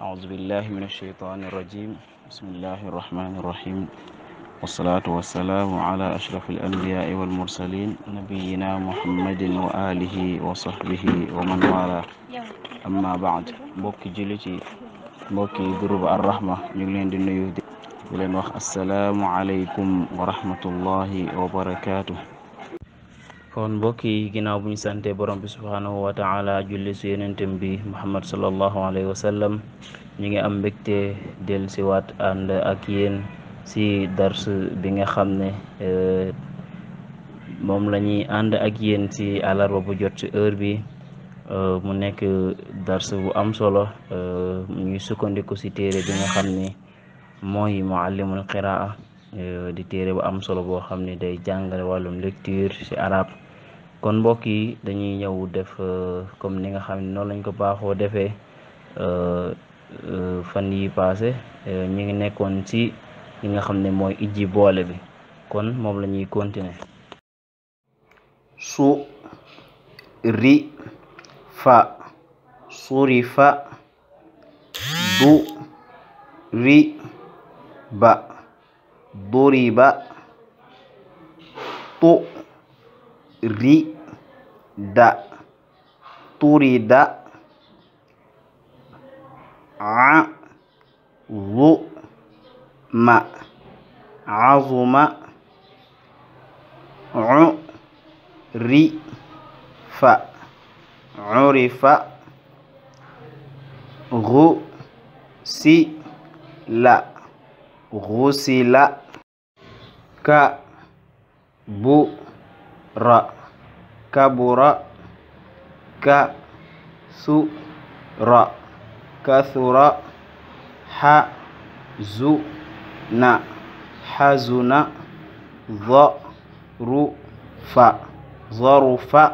أعوذ بالله من الشيطان الرجيم بسم الله الرحمن الرحيم والصلاة والسلام على أشرف الأنبياء والمرسلين نبينا محمد وآله وصحبه ومن والاه أما بعد بوكي جلتي بوكي جروب الرحمة نجلين دي يهدي السلام عليكم ورحمة الله وبركاته kon mbokk yi ginnaaw bu ñu sante borom bi subhaanahu wa taala julli su yenentem bi muhammad sallallahu alayhi wa sallam ñu ngi am mbégte del siwaat ànd ak yéen si dars bi nga xam ne euh, moom la ñuy ànd ak yéen si àllarba bu jot ci heure bi euh, mu nekk dars bu am solo euh, ñuy sukkandiku si téere bi nga xam ne mooy muallimul qiraa di téere bu am solo boo xam ne day jàngale wàllum lecture si arab kon mbokk yi dañuy ñëw def euh, comme ni nga xam ne noonu lañ ko baaxoo defee euh, euh, fan yi passé ñu ngi nekkoon ci li nga xam ne mooy ijji boole bi kon moom la ñuy continuer su ri fa suri fa du ri ba duri ba tu ri دا توري دا ع ظو ما عظم ع ري ف عرف غو سي لا غسل ك بو را كبر كسر كثر حزن حزن ظرف ظرف